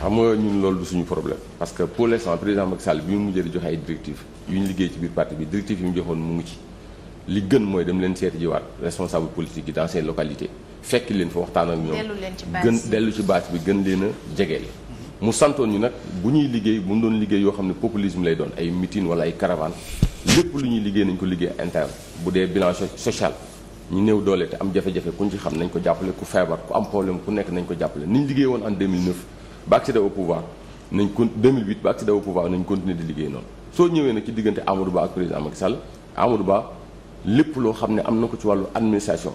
xam nga ñun loolu suñu problème parce que pour l'instant président Macky Sall bi mu mujjee di joxe ay directives yu ñu liggéey ci biir parti bi directives yi mu joxoon mu ngi ci li gën mooy dem leen seeti jiwaat responsable politique yi dans seen localité fekk leen fa waxtaan ak ñoom gën dellu ci base bi gën leen a jegeel mu santoon yi nag bu ñuy liggéey bu mu doon liggéey yoo xam ne populisme lay doon ay meeting wala ay caravane lépp lu ñuy liggéey nañ ko liggéey interne bu dee bilan social ñu néew doole te am jafe-jafe ko jàppale ku feebar ku am problème ku ko jàppale ni ñu liggéey woon en 2009 ba accéder au pouvoir nañ kon 2008 ba accéder au pouvoir nañ continuer di liggéey noonu soo ñëwee nag ci diggante Amadou Ba ak président Macky Sall Amadou Ba lépp loo xam ne am na ko ci wàllu administration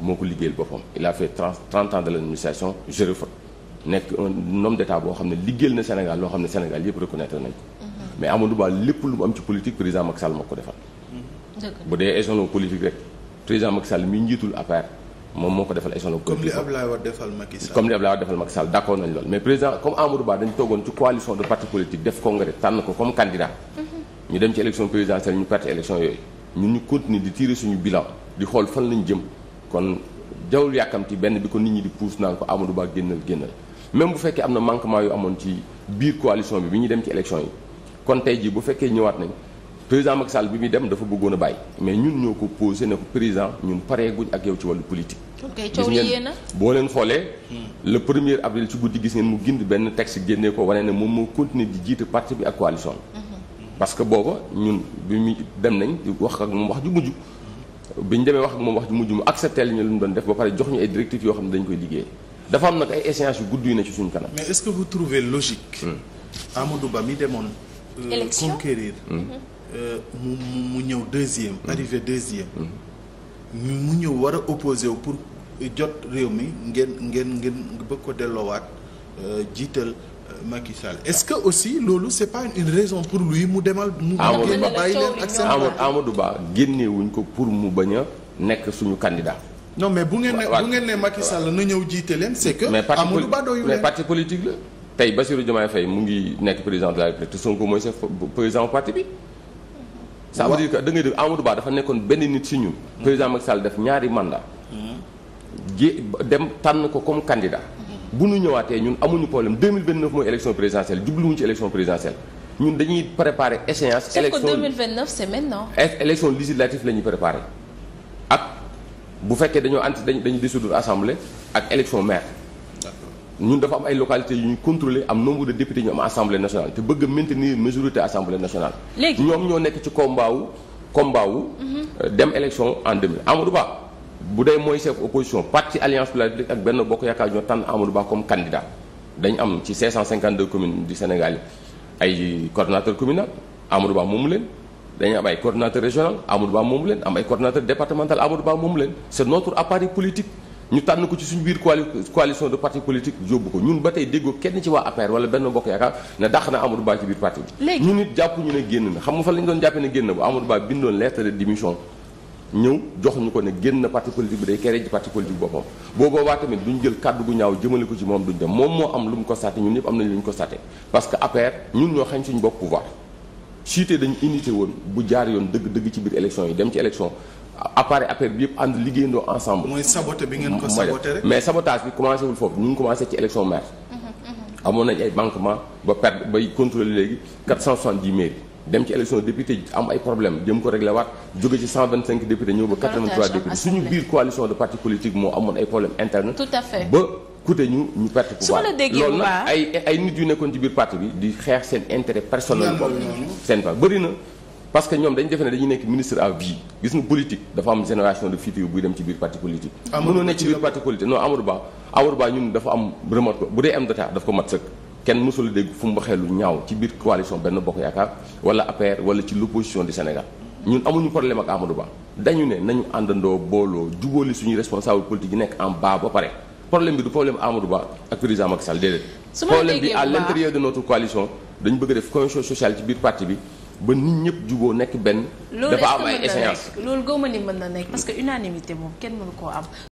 moo ko liggéeyal boppam il a fait 30 30 ans de l' administration géré nekk un homme boo xam ne liggéeyal na Sénégal loo xam ne Sénégal yëpp reconnaître nañ ko mm-hmm. mais Amadou lépp lu mu am ci politique président Macky Sall moo ko defal mm-hmm. bu dee échelon politique rek président Macky Sall mi njiitul APR moom moo ko defal échelon. comme li Abdoulaye Wade defal Macky Sall comme li Abdoulaye Wade defal Macky Sall d' accord nañu loolu mais président comme Amadou Ba dañu toogoon ci coalition de parti politique def congrès tànn ko comme candidat. Mhm. ñu dem ci élection présidentielle ñu perte élection yooyu ñun ñu continuer di tirer suñu bilan di xool fan lañu jëm kon jawul yàkkamti benn bi ko nit ñi di pousse naan ko Amadou Ba génnal génnal même bu fekkee am na manquement yu amoon ci biir coalition bi bi ñuy dem ci élection kon tey jii bu fekkee ñëwaat nañ. président Macky Sall bi muy dem dafa bëggoon a bàyyi mais ñun ñoo ko posé ne ko président ñun pareeguñ ak yow ci wàllu politique. gis ngeen boo leen xoolee. Hmm. le premier avril ci guddi gis neen mu gind benn texte génnee ko wane ne moom moo continuer di jiite parti bi ak coalition mhm. parce que booba ñun bi muy dem nañ wax ak moom wax ju mujj. bi ñu demee wax ak moom wax ju mujj mu accepté li ñu lu mu doon def ba pare jox ñu ay directives yoo xam ne dañ koy liggéey dafa am nag ay échéances yu gudd yu ne ci suñu kanam. mais est-ce que vous trouvez logique. Hmm. Amadou Euh, mu mu ñëw deuxième. Mm-hmm. arrivé deuxième. Mm-hmm. mu ñëw war a opposé wu pour jot réew mi ngeen ngeen ngeen bëgg ko delloowaat euh, jiital euh, Macky Sall est-ce que aussi loolu c'est pas une raison pour lui mu demal. mu génn bàyyi leen ak seen Amadou Ba génnewuñ ko pour mu bañ a nekk suñu candidat. non mais bu ngeen ne bu ngeen ne Macky Sall na ñëw jiite leen c'est que. Amadou Ba doyul parti politique la. tey Bassirou Diomaye Faye mu ngi nekk président de la République te Sonko mooy chef ça veut dire que da ngay dégg Amadou Ba dafa nekkoon benn nit si ñun. président Macky Sall def ñaari mandat ji dem tànn ko comme candidat. bu ñu ñëwaatee ñun amuñu problème 2029 mooy élection présidentielle jubluwuñu ci élection présidentielle. ñun dañuy préparer échéance. élection sauf que 2029 c'est maintenant. élection législative la ñuy préparer ak bu fekkee dañoo anti dañuy dissoudre assemblée ak élection maire. ñun dafa am ay localité yu ñu contrôler am nombre de députés ñu am assemblée nationale te bëgg a maintenir majorité assemblée nationale. ñoom ñoo nekk ci combat wu combat wu. Mhm. Euh, dem élection en 2000 Amadou Ba bu dee mooy chef opposition parti alliance pour ak benn bokk yaakaar ñoo tànn Amadou Ba comme candidat dañ am ci 552 communes du Sénégal ay coordonnateur communal Amadou Ba moomu leen. dañuy am ay coordonnateur régional Amadou Ba moomu leen am ay coordonnateur départemental Amadou Ba moomu leen ñu tànn ko ci suñu biir coalition de parti politique yóbbu ko ñun ba tey déggoo kenn ci waa APR wala benn bokk yaakaar ne dàq na Amadou Ba ci biir parti bi ñu nit jàpp ñu ne génn na xam nga fa la ñu ne génn bu Amadou Ba jox ñu ko ne génn na parti politique bi day kere ji parti politique boppam boo boobaa tamit jël kàddu gu ñaaw jëmale ko ci moom duñ dem moom moo am lu mu ko sàtte ñun ñëpp am nañ lu ko sàtte parce que APR ñun ñoo xañ suñu bopp pouvoir suite dañu unité woon bu jaar yoon dëgg dëgg ci biir élection yi dem ci élection appareil affaire bi yëpp ànd liggéeyandoo ensemble. mooy saboté bi ngeen ko saboté rek. mais sabotage bi commencé wul foofu ñu ngi commencé ci élection maire. amoon ay banquement ba perte bay contrôler léegi 470 mairies dem ci élection député am ay problème jëm ko réglé waat jóge ci 125 députés ñëw ba 83 députés suñu biir coalition de parti politique moo amoon ay problème interne. ba coûté ñu ñu perte pouvoir loolu nag ay nit yu nekkoon ci biir parti bi di xeex seen intérêt personnel boobu seen fa bëri na parce que ñoom dañu defe ne dañuy nekk ministre à vie gis nga politique dafa am génération de futur buy dem ci biir parti politique. Ah, mënoo nekk ci biir parti politique non kenn mësul dégg fu mu waxee ñaaw ci biir coalition benn bokk yaakaar wala APR wala ci l'opposition du Sénégal ñun amuñu problème ak Amadou Ba dañu ne nañu àndandoo booloo jubóoli suñuy responsable politique yi nekk en bas ba pare problème bi du problème Amadou Ba ak président Macky Sall déedéet. problème bi à l'intérieur de notre coalition dañu bëgg def cohésion sociale ci biir parti bi. ba nit ñëpp juboo nekk benn. dafa am ay loolu est-ce que loolu gëw ma ni mën na nekk parce que unanimité moom kenn mënu koo am.